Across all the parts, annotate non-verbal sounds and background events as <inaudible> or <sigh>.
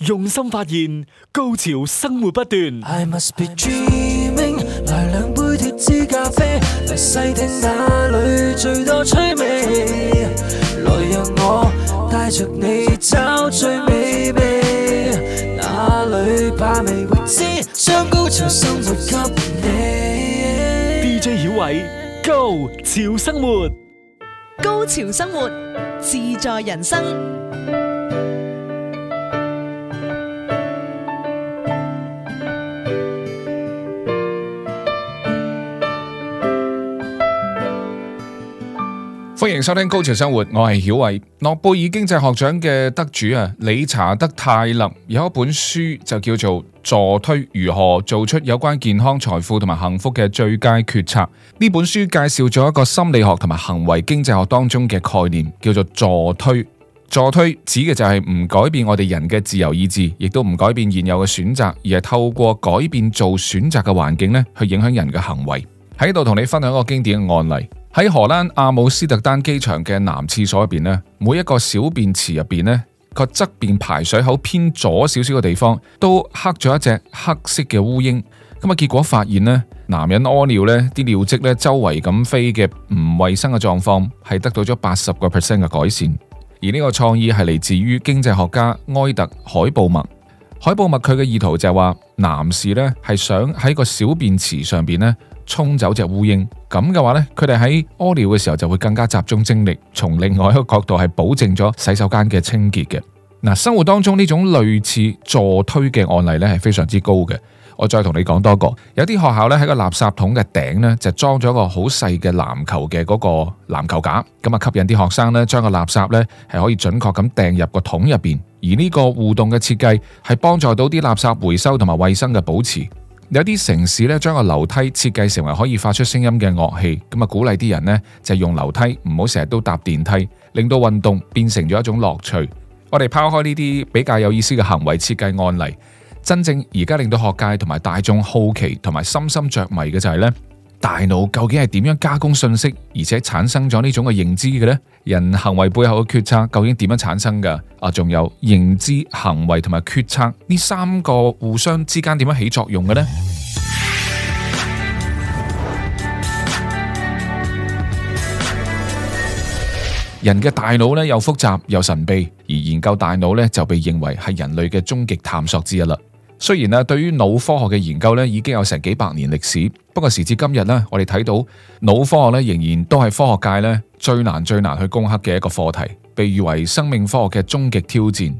用心發現，高潮生活不斷。Go 潮生活，DJ 小偉，高潮生活，高潮生活，自在人生。歡迎收聽《Go 潮生活》，我曉偉，我係曉偉，諾貝爾經濟學獎嘅得主啊，理查德泰勒有一本書就叫做《助推》，如何做出有關健康、財富同埋幸福嘅最佳決策。呢本書介紹咗一個心理學同埋行為經濟學當中嘅概念，叫做助推。助推指嘅就係唔改變我哋人嘅自由意志，亦都唔改變現有嘅選擇，而係透過改變做選擇嘅環境呢去影響人嘅行為。喺度同你分享一個經典嘅案例。喺荷蘭阿姆斯特丹機場嘅男廁所入邊呢，每一個小便池入邊呢個側邊排水口偏左少少嘅地方，都刻咗一隻黑色嘅烏蠅。咁啊，結果發現呢，男人屙尿呢啲尿漬呢周圍咁飛嘅唔衛生嘅狀況，係得到咗八十個 percent 嘅改善。而呢個創意係嚟自於經濟學家埃特海布麥。海布麥佢嘅意圖就係話，男士呢係想喺個小便池上邊咧。沖走隻烏蠅，咁嘅話呢，佢哋喺屙尿嘅時候就會更加集中精力，從另外一個角度係保證咗洗手間嘅清潔嘅。嗱，生活當中呢種類似助推嘅案例呢係非常之高嘅。我再同你講多個，有啲學校呢喺個垃圾桶嘅頂呢，就裝咗一個好細嘅籃球嘅嗰個籃球架，咁啊吸引啲學生呢將個垃圾呢係可以準確咁掟入個桶入邊，而呢個互動嘅設計係幫助到啲垃圾回收同埋衛生嘅保持。有啲城市咧，將個樓梯設計成為可以發出聲音嘅樂器，咁啊鼓勵啲人咧就係用樓梯，唔好成日都搭電梯，令到運動變成咗一種樂趣。我哋拋開呢啲比較有意思嘅行為設計案例，真正而家令到學界同埋大眾好奇同埋深深着迷嘅就係咧，大腦究竟係點樣加工信息，而且產生咗呢種嘅認知嘅咧？人行為背後嘅決策究竟點樣產生嘅？啊，仲有認知、行為同埋決策呢三個互相之間點樣起作用嘅呢？ <music> 人嘅大腦咧又複雜又神秘，而研究大腦咧就被認為係人類嘅終極探索之一啦。雖然咧，對於腦科學嘅研究咧，已經有成幾百年歷史。不過時至今日咧，我哋睇到腦科學咧，仍然都係科學界咧最難最難去攻克嘅一個課題，被譽為生命科學嘅終極挑戰。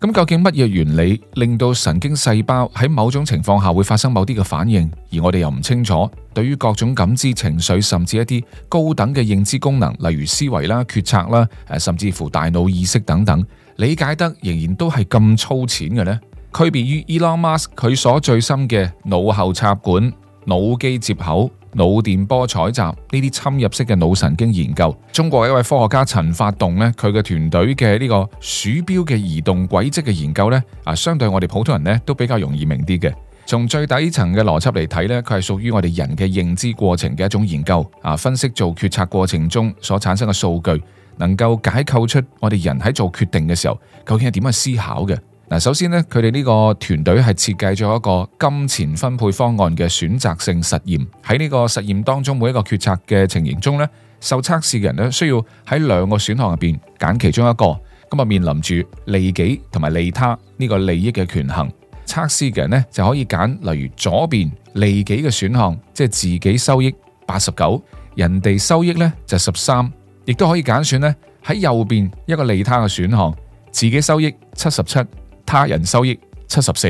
咁究竟乜嘢原理令到神經細胞喺某種情況下會發生某啲嘅反應？而我哋又唔清楚。對於各種感知、情緒，甚至一啲高等嘅認知功能，例如思維啦、決策啦，誒，甚至乎大腦意識等等，理解得仍然都係咁粗淺嘅呢。區別於 Elon Musk 佢所最深嘅腦後插管、腦機接口、腦電波採集呢啲侵入式嘅腦神經研究，中國一位科學家陳發棟咧，佢嘅團隊嘅呢個鼠標嘅移動軌跡嘅研究呢，啊，相對我哋普通人呢都比較容易明啲嘅。從最底層嘅邏輯嚟睇呢，佢係屬於我哋人嘅認知過程嘅一種研究，啊，分析做決策過程中所產生嘅數據，能夠解構出我哋人喺做決定嘅時候究竟係點去思考嘅。嗱，首先呢，佢哋呢個團隊係設計咗一個金錢分配方案嘅選擇性實驗。喺呢個實驗當中，每一個決策嘅情形中呢，受測試嘅人呢需要喺兩個選項入邊揀其中一個。咁啊，面臨住利己同埋利他呢個利益嘅權衡。測試嘅人呢就可以揀，例如左邊利己嘅選項，即係自己收益八十九，人哋收益呢就十三；亦都可以揀選呢喺右邊一個利他嘅選項，自己收益七十七。他人收益七十四。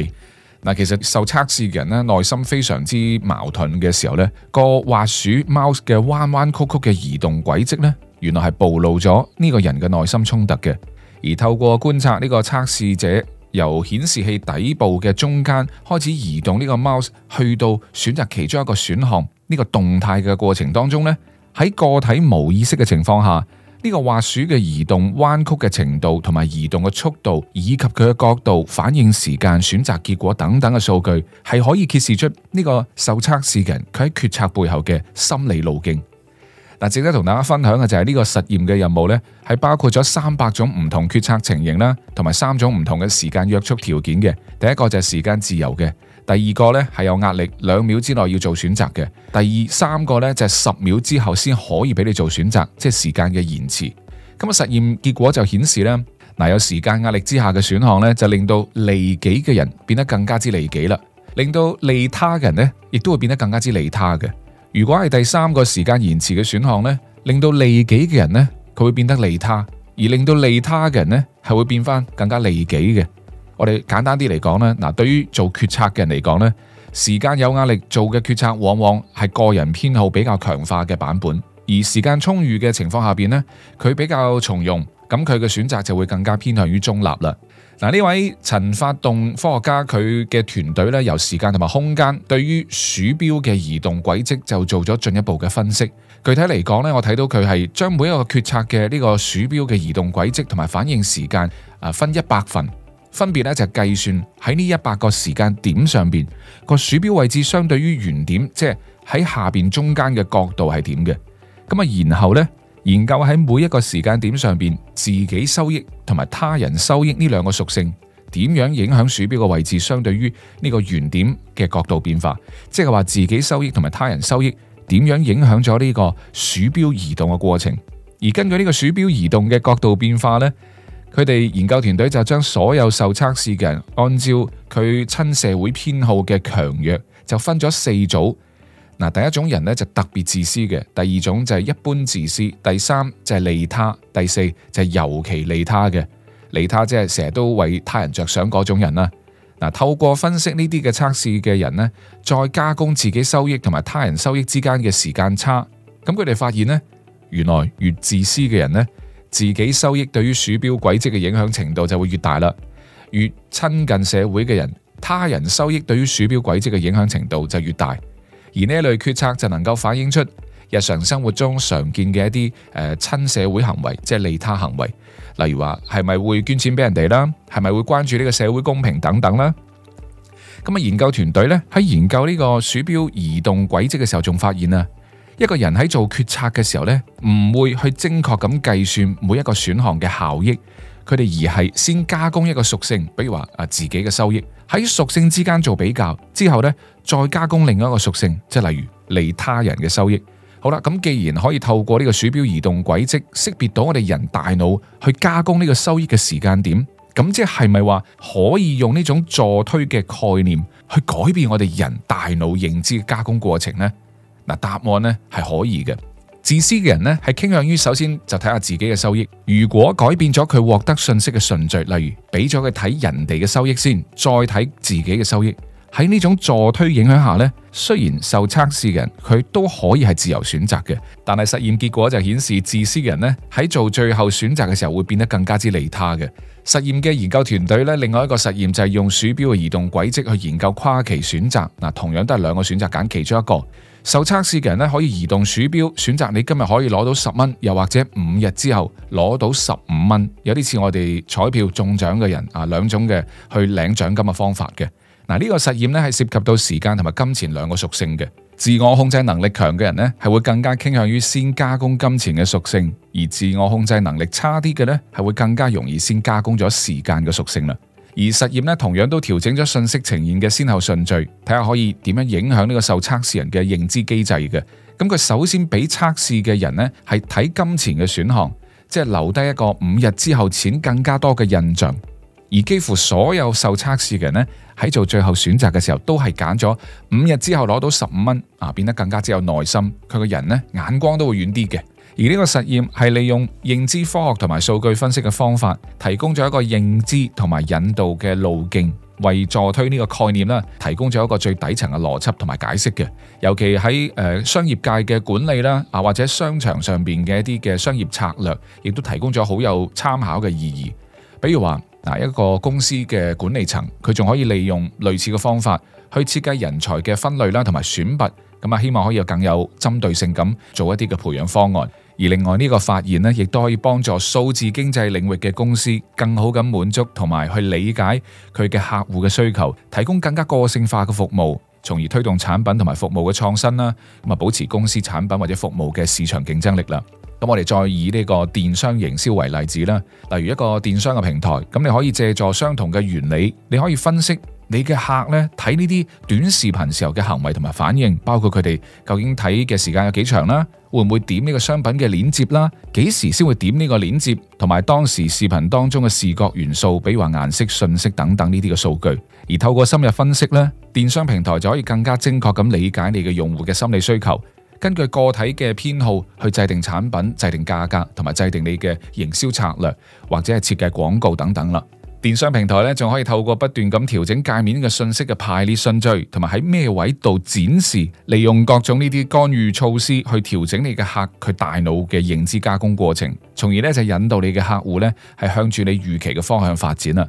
嗱，其實受測試嘅人呢，內心非常之矛盾嘅時候呢個滑鼠 mouse 嘅彎彎曲曲嘅移動軌跡呢，原來係暴露咗呢個人嘅內心衝突嘅。而透過觀察呢個測試者由顯示器底部嘅中間開始移動呢個 mouse 去到選擇其中一個選項呢個動態嘅過程當中呢，喺個體無意識嘅情況下。呢個滑鼠嘅移動彎曲嘅程度，同埋移動嘅速度，以及佢嘅角度、反應時間、選擇結果等等嘅數據，係可以揭示出呢個受測試嘅人佢喺決策背後嘅心理路徑。嗱，值得同大家分享嘅就係呢個實驗嘅任務呢，係包括咗三百種唔同決策情形啦，同埋三種唔同嘅時間約束條件嘅。第一個就係時間自由嘅。第二個咧係有壓力，兩秒之內要做選擇嘅。第二三個咧就係十秒之後先可以俾你做選擇，即係時間嘅延遲。咁啊，實驗結果就顯示啦，嗱，有時間壓力之下嘅選項咧，就令到利己嘅人變得更加之利己啦，令到利他嘅人咧，亦都會變得更加之利他嘅。如果係第三個時間延遲嘅選項咧，令到利己嘅人咧，佢會變得利他，而令到利他嘅人咧，係會變翻更加利己嘅。我哋簡單啲嚟講咧，嗱，對於做決策嘅人嚟講呢，時間有壓力，做嘅決策往往係個人偏好比較強化嘅版本；而時間充裕嘅情況下邊呢，佢比較從容，咁佢嘅選擇就會更加偏向於中立啦。嗱，呢位陳發棟科學家佢嘅團隊咧，由時間同埋空間對於鼠標嘅移動軌跡就做咗進一步嘅分析。具體嚟講呢，我睇到佢係將每一個決策嘅呢個鼠標嘅移動軌跡同埋反應時間啊分一百份。分別咧就係計算喺呢一百個時間點上邊個鼠標位置相對於原點，即係喺下邊中間嘅角度係點嘅。咁啊，然後呢，研究喺每一個時間點上邊自己收益同埋他人收益呢兩個屬性點樣影響鼠標嘅位置相對於呢個原點嘅角度變化，即係話自己收益同埋他人收益點樣影響咗呢個鼠標移動嘅過程，而根據呢個鼠標移動嘅角度變化呢。佢哋研究團隊就將所有受測試嘅人按照佢親社會偏好嘅強弱，就分咗四組。嗱，第一種人呢，就特別自私嘅，第二種就係一般自私，第三就係利他，第四就係尤其利他嘅。利他即係成日都為他人着想嗰種人啦。嗱，透過分析呢啲嘅測試嘅人呢，再加工自己收益同埋他人收益之間嘅時間差，咁佢哋發現呢，原來越自私嘅人呢。自己收益對於鼠標軌跡嘅影響程度就會越大啦，越親近社會嘅人，他人收益對於鼠標軌跡嘅影響程度就越大，而呢一類決策就能夠反映出日常生活中常見嘅一啲誒、呃、親社會行為，即係利他行為，例如話係咪會捐錢俾人哋啦，係咪會關注呢個社會公平等等啦。咁啊，研究團隊咧，喺研究呢個鼠標移動軌跡嘅時候，仲發現啊。一個人喺做決策嘅時候呢，唔會去精確咁計算每一個選項嘅效益，佢哋而係先加工一個屬性，比如話啊自己嘅收益，喺屬性之間做比較之後呢再加工另外一個屬性，即係例如利他人嘅收益。好啦，咁既然可以透過呢個鼠標移動軌跡識別到我哋人大腦去加工呢個收益嘅時間點，咁即係咪話可以用呢種助推嘅概念去改變我哋人大腦認知嘅加工過程呢？嗱，答案咧係可以嘅。自私嘅人咧係傾向於首先就睇下自己嘅收益。如果改變咗佢獲得信息嘅順序，例如俾咗佢睇人哋嘅收益先，再睇自己嘅收益，喺呢種助推影響下呢，雖然受測試嘅人佢都可以係自由選擇嘅，但係實驗結果就顯示自私嘅人咧喺做最後選擇嘅時候會變得更加之利他嘅。實驗嘅研究團隊呢，另外一個實驗就係用鼠標嘅移動軌跡去研究跨期選擇嗱，同樣都係兩個選擇揀其中一個。受測試嘅人咧可以移動鼠標選擇，你今日可以攞到十蚊，又或者五日之後攞到十五蚊，有啲似我哋彩票中獎嘅人啊，兩種嘅去領獎金嘅方法嘅。嗱，呢個實驗咧係涉及到時間同埋金錢兩個屬性嘅，自我控制能力強嘅人咧係會更加傾向於先加工金錢嘅屬性，而自我控制能力差啲嘅咧係會更加容易先加工咗時間嘅屬性啦。而實驗咧同樣都調整咗信息呈現嘅先後順序，睇下可以點樣影響呢個受測試人嘅認知機制嘅。咁佢首先俾測試嘅人呢係睇金錢嘅選項，即係留低一個五日之後錢更加多嘅印象。而幾乎所有受測試嘅人呢，喺做最後選擇嘅時候，都係揀咗五日之後攞到十五蚊啊，變得更加之有耐心。佢個人呢，眼光都會遠啲嘅。而呢個實驗係利用認知科學同埋數據分析嘅方法，提供咗一個認知同埋引導嘅路徑，為助推呢個概念啦，提供咗一個最底層嘅邏輯同埋解釋嘅。尤其喺商業界嘅管理啦，啊或者商場上邊嘅一啲嘅商業策略，亦都提供咗好有參考嘅意義。比如話，嗱一個公司嘅管理層，佢仲可以利用類似嘅方法去設計人才嘅分類啦，同埋選拔。咁啊，希望可以有更有針對性咁做一啲嘅培養方案。而另外呢、呢個發現呢，亦都可以幫助數字經濟領域嘅公司更好咁滿足同埋去理解佢嘅客戶嘅需求，提供更加個性化嘅服務，從而推動產品同埋服務嘅創新啦，咁啊保持公司產品或者服務嘅市場競爭力啦。咁、嗯、我哋再以呢個電商營銷為例子啦，例如一個電商嘅平台，咁你可以借助相同嘅原理，你可以分析。你嘅客咧睇呢啲短視頻時候嘅行為同埋反應，包括佢哋究竟睇嘅時間有幾長啦，會唔會點呢個商品嘅鏈接啦，幾時先會點呢個鏈接，同埋當時視頻當中嘅視覺元素，比如話顏色、信息等等呢啲嘅數據，而透過深入分析呢，電商平台就可以更加精確咁理解你嘅用戶嘅心理需求，根據個體嘅偏好去制定產品、制定價格同埋制定你嘅營銷策略或者係設計廣告等等啦。電商平台咧仲可以透過不斷咁調整界面嘅信息，嘅排列順序，同埋喺咩位度展示，利用各種呢啲干預措施去調整你嘅客佢大腦嘅認知加工過程，從而咧就引導你嘅客戶咧係向住你預期嘅方向發展啦。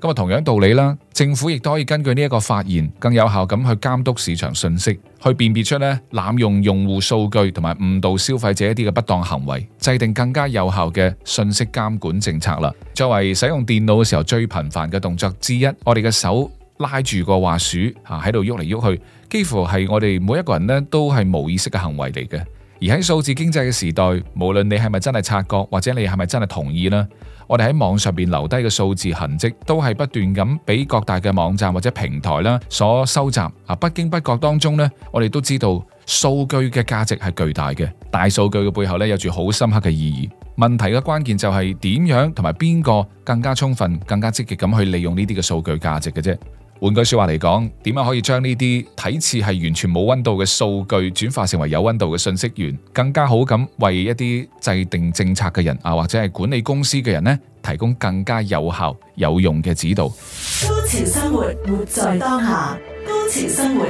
咁啊，同樣道理啦，政府亦都可以根據呢一個發現，更有效咁去監督市場信息，去辨別出呢濫用用戶數據同埋誤導消費者一啲嘅不當行為，制定更加有效嘅信息監管政策啦。作為使用電腦嘅時候最頻繁嘅動作之一，我哋嘅手拉住個滑鼠啊，喺度喐嚟喐去，幾乎係我哋每一個人呢都係冇意識嘅行為嚟嘅。而喺數字經濟嘅時代，無論你係咪真係察覺，或者你係咪真係同意呢。我哋喺網上邊留低嘅數字痕迹，都係不斷咁俾各大嘅網站或者平台啦所收集。啊，不經不覺當中呢，我哋都知道數據嘅價值係巨大嘅。大數據嘅背後呢，有住好深刻嘅意義。問題嘅關鍵就係點樣同埋邊個更加充分、更加積極咁去利用呢啲嘅數據價值嘅啫。換句話說話嚟講，點樣可以將呢啲睇似係完全冇温度嘅數據轉化成為有温度嘅信息源，更加好咁為一啲制定政策嘅人啊，或者係管理公司嘅人呢，提供更加有效有用嘅指導。Go 潮生活，活在當下。Go 潮生活，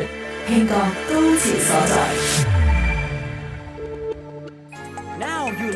聽歌，高潮所在。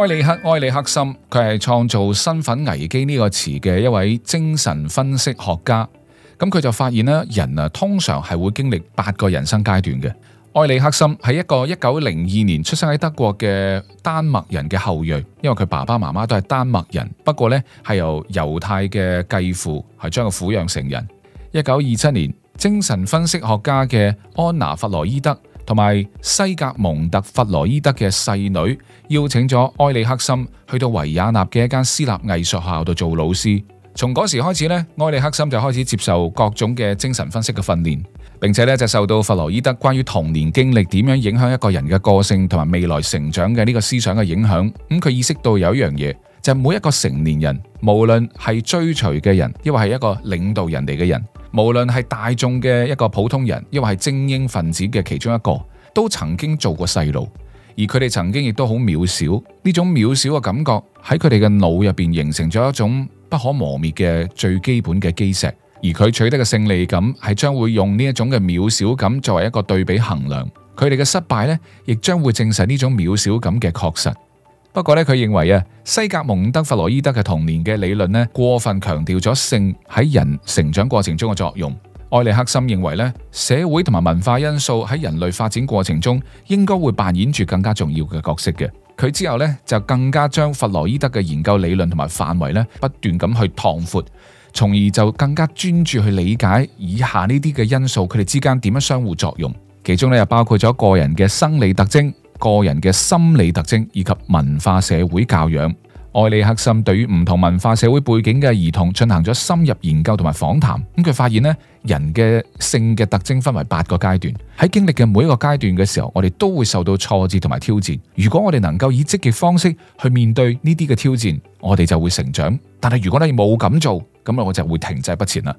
埃里克埃里克森，佢係創造身份危機呢個詞嘅一位精神分析學家。咁佢就發現啦，人啊通常係會經歷八個人生階段嘅。埃里克森係一個一九零二年出生喺德國嘅丹麥人嘅後裔，因為佢爸爸媽媽都係丹麥人，不過呢係由猶太嘅繼父係將佢撫養成人。一九二七年，精神分析學家嘅安娜弗洛伊德。同埋西格蒙特弗洛伊德嘅細女邀請咗埃里克森去到維也納嘅一間私立藝術學校度做老師。從嗰時開始咧，埃里克森就開始接受各種嘅精神分析嘅訓練，並且咧就受到弗洛伊德關於童年經歷點樣影響一個人嘅個性同埋未來成長嘅呢個思想嘅影響。咁、嗯、佢意識到有一樣嘢，就係、每一個成年人，無論係追隨嘅人，亦或係一個領導人嚟嘅人。無論係大眾嘅一個普通人，亦或係精英分子嘅其中一個，都曾經做過細路，而佢哋曾經亦都好渺小。呢種渺小嘅感覺喺佢哋嘅腦入邊形成咗一種不可磨滅嘅最基本嘅基石。而佢取得嘅勝利感係將會用呢一種嘅渺小感作為一個對比衡量。佢哋嘅失敗咧，亦將會證實呢種渺小感嘅確實。不過咧，佢認為啊，西格蒙德弗洛伊德嘅童年嘅理論咧，過分強調咗性喺人成長過程中嘅作用。艾里克森認為咧，社會同埋文化因素喺人類發展過程中，應該會扮演住更加重要嘅角色嘅。佢之後咧，就更加將弗洛伊德嘅研究理論同埋範圍咧，不斷咁去擴闊，從而就更加專注去理解以下呢啲嘅因素，佢哋之間點樣相互作用。其中咧，又包括咗個人嘅生理特徵。個人嘅心理特徵以及文化社會教養，愛利克森對於唔同文化社會背景嘅兒童進行咗深入研究同埋訪談。咁佢發現呢，人嘅性嘅特徵分為八個階段。喺經歷嘅每一個階段嘅時候，我哋都會受到挫折同埋挑戰。如果我哋能夠以積極方式去面對呢啲嘅挑戰，我哋就會成長。但係如果你冇噉做，咁我就會停滯不前啦。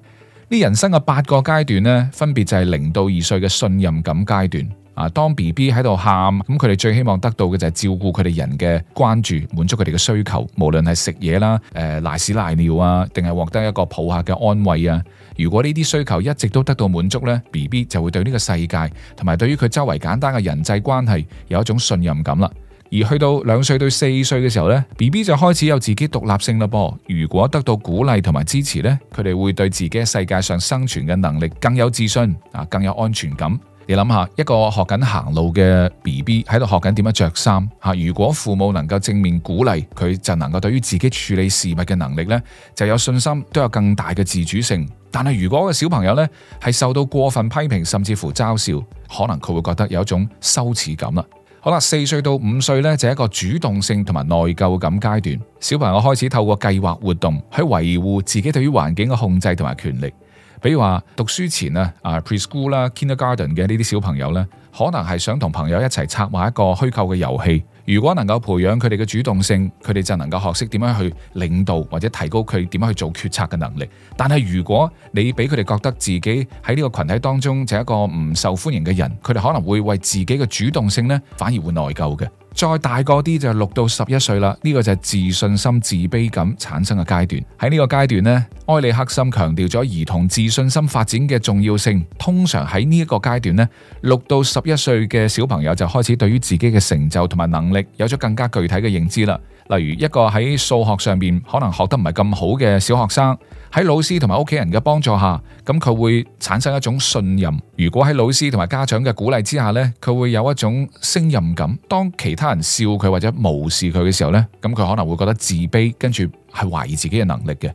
啲人生嘅八個階段咧，分別就係零到二歲嘅信任感階段。啊，當 B B 喺度喊，咁佢哋最希望得到嘅就係照顧佢哋人嘅關注，滿足佢哋嘅需求，無論係食嘢啦，誒、呃、瀨屎瀨尿啊，定係獲得一個抱吓嘅安慰啊。如果呢啲需求一直都得到滿足咧，B B 就會對呢個世界同埋對於佢周圍簡單嘅人際關係有一種信任感啦。而去到兩歲到四歲嘅時候呢，BB 就開始有自己獨立性啦噃。如果得到鼓勵同埋支持呢，佢哋會對自己喺世界上生存嘅能力更有自信，啊，更有安全感。你諗下，一個學緊行路嘅 BB 喺度學緊點樣着衫吓，如果父母能夠正面鼓勵佢，就能夠對於自己處理事物嘅能力呢，就有信心，都有更大嘅自主性。但係如果個小朋友呢係受到過分批評，甚至乎嘲笑，可能佢會覺得有一種羞恥感啦。好啦，四歲到五歲呢，就係一個主動性同埋內疚感階段，小朋友開始透過計劃活動，去維護自己對於環境嘅控制同埋權力。比如話讀書前啊，啊 preschool 啦，kindergarten 嘅呢啲小朋友呢，可能係想同朋友一齊策劃一個虛構嘅遊戲。如果能夠培養佢哋嘅主動性，佢哋就能夠學識點樣去領導，或者提高佢點樣去做決策嘅能力。但係如果你俾佢哋覺得自己喺呢個群體當中就係一個唔受歡迎嘅人，佢哋可能會為自己嘅主動性呢反而會內疚嘅。再大個啲就六到十一歲啦，呢個就係自信心、自卑感產生嘅階段。喺呢個階段呢，埃里克森強調咗兒童自信心發展嘅重要性。通常喺呢一個階段呢，六到十一歲嘅小朋友就開始對於自己嘅成就同埋能力有咗更加具體嘅認知啦。例如一個喺數學上面可能學得唔係咁好嘅小學生，喺老師同埋屋企人嘅幫助下，咁佢會產生一種信任。如果喺老師同埋家長嘅鼓勵之下呢，佢會有一種勝任感。當其他人笑佢或者無視佢嘅時候呢，咁佢可能會覺得自卑，跟住係懷疑自己嘅能力嘅。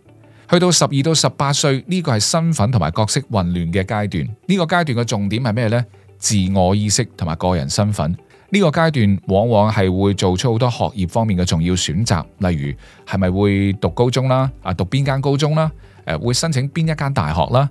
去到十二到十八歲，呢個係身份同埋角色混亂嘅階段，呢個階段嘅重點係咩呢？自我意識同埋個人身份。呢個階段，往往係會做出好多學業方面嘅重要選擇，例如係咪會讀高中啦，啊讀邊間高中啦，誒會申請邊一間大學啦。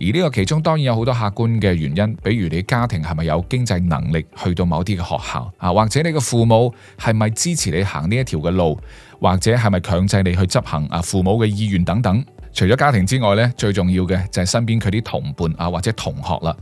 而呢個其中當然有好多客觀嘅原因，比如你家庭係咪有經濟能力去到某啲嘅學校啊，或者你嘅父母係咪支持你行呢一條嘅路，或者係咪強制你去執行啊父母嘅意願等等。除咗家庭之外咧，最重要嘅就係身邊佢啲同伴啊或者同學啦。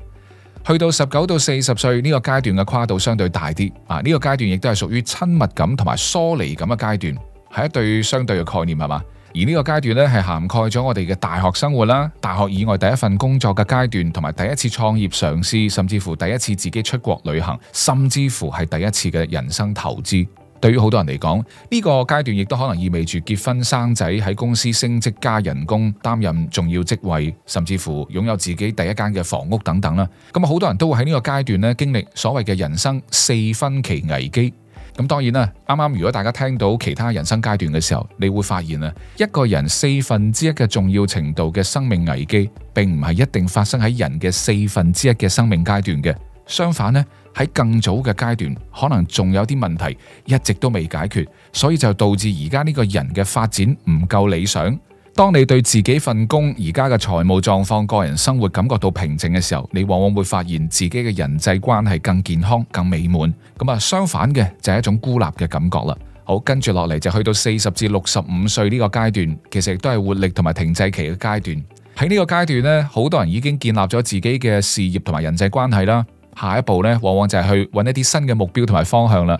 去到十九到四十歲呢個階段嘅跨度相對大啲啊，呢個階段亦都係屬於親密感同埋疏離感嘅階段，係一對相對嘅概念係嘛？而呢個階段咧，係涵蓋咗我哋嘅大學生活啦、大學以外第一份工作嘅階段，同埋第一次創業嘗試，甚至乎第一次自己出國旅行，甚至乎係第一次嘅人生投資。對於好多人嚟講，呢個階段亦都可能意味住結婚生仔、喺公司升職加人工、擔任重要職位，甚至乎擁有自己第一間嘅房屋等等啦。咁啊，好多人都會喺呢個階段咧經歷所謂嘅人生四分期危機。咁當然啦，啱啱如果大家聽到其他人生階段嘅時候，你會發現啊，一個人四分之一嘅重要程度嘅生命危機並唔係一定發生喺人嘅四分之一嘅生命階段嘅，相反呢喺更早嘅階段，可能仲有啲問題一直都未解決，所以就導致而家呢個人嘅發展唔夠理想。當你對自己份工、而家嘅財務狀況、個人生活感覺到平靜嘅時候，你往往會發現自己嘅人際關係更健康、更美滿。咁啊，相反嘅就係一種孤立嘅感覺啦。好，跟住落嚟就去到四十至六十五歲呢個階段，其實亦都係活力同埋停滯期嘅階段。喺呢個階段呢，好多人已經建立咗自己嘅事業同埋人際關係啦。下一步呢，往往就係去揾一啲新嘅目標同埋方向啦。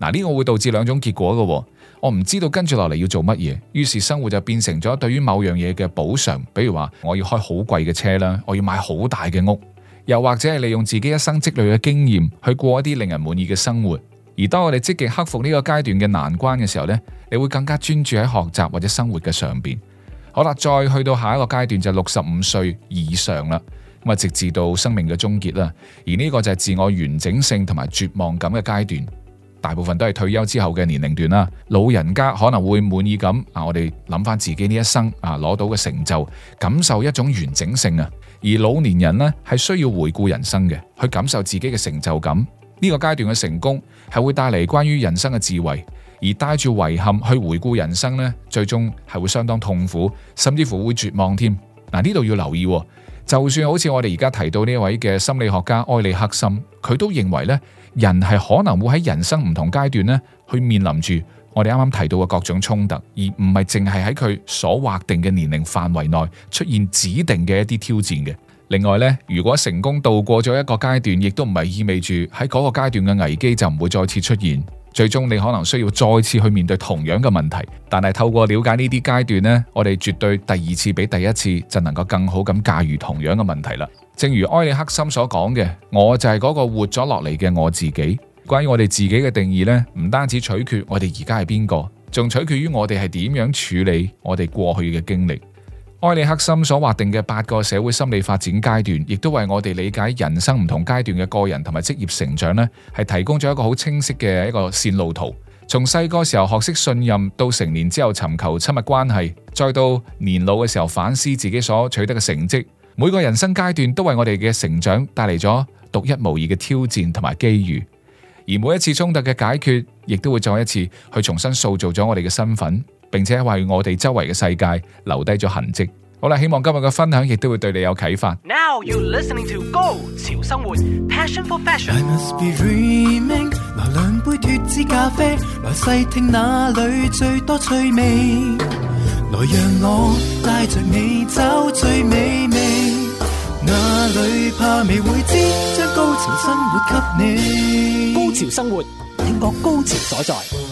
嗱，呢個會導致兩種結果嘅。我唔知道跟住落嚟要做乜嘢，於是生活就變成咗對於某樣嘢嘅補償，比如話我要開好貴嘅車啦，我要買好大嘅屋，又或者係利用自己一生積累嘅經驗去過一啲令人滿意嘅生活。而當我哋積極克服呢個階段嘅難關嘅時候呢，你會更加專注喺學習或者生活嘅上邊。好啦，再去到下一個階段就六十五歲以上啦，咁啊直至到生命嘅終結啦。而呢個就係自我完整性同埋絕望感嘅階段。大部分都係退休之後嘅年齡段啦，老人家可能會滿意咁啊。我哋諗翻自己呢一生啊，攞到嘅成就，感受一種完整性啊。而老年人呢，係需要回顧人生嘅，去感受自己嘅成就感。呢個階段嘅成功係會帶嚟關於人生嘅智慧，而帶住遺憾去回顧人生呢，最終係會相當痛苦，甚至乎會絕望添嗱。呢度要留意喎。就算好似我哋而家提到呢位嘅心理學家埃里克森，佢都認為咧，人係可能會喺人生唔同階段咧，去面臨住我哋啱啱提到嘅各種衝突，而唔係淨係喺佢所劃定嘅年齡範圍內出現指定嘅一啲挑戰嘅。另外咧，如果成功度過咗一個階段，亦都唔係意味住喺嗰個階段嘅危機就唔會再次出現。最終你可能需要再次去面對同樣嘅問題，但係透過了解呢啲階段呢，我哋絕對第二次比第一次就能夠更好咁駕馭同樣嘅問題啦。正如埃里克森所講嘅，我就係嗰個活咗落嚟嘅我自己。關於我哋自己嘅定義呢，唔單止取決我哋而家係邊個，仲取決於我哋係點樣處理我哋過去嘅經歷。埃里克森所劃定嘅八個社會心理發展階段，亦都為我哋理解人生唔同階段嘅個人同埋職業成長咧，係提供咗一個好清晰嘅一個線路圖。從細個時候學識信任，到成年之後尋求親密關係，再到年老嘅時候反思自己所取得嘅成績，每個人生階段都為我哋嘅成長帶嚟咗獨一無二嘅挑戰同埋機遇。而每一次衝突嘅解決，亦都會再一次去重新塑造咗我哋嘅身份。並且為我哋周圍嘅世界留低咗痕跡。好啦，希望今日嘅分享亦都會對你有啟發。Now you listening toGo 潮生活，passion for fashion。I must be dreaming。嗱兩杯脫脂咖啡，來細聽哪裏最多趣味。來讓我帶着你找最美味，哪裏怕未會知，將 Go 潮生活給你。Go 潮生活，聽過高潮所在。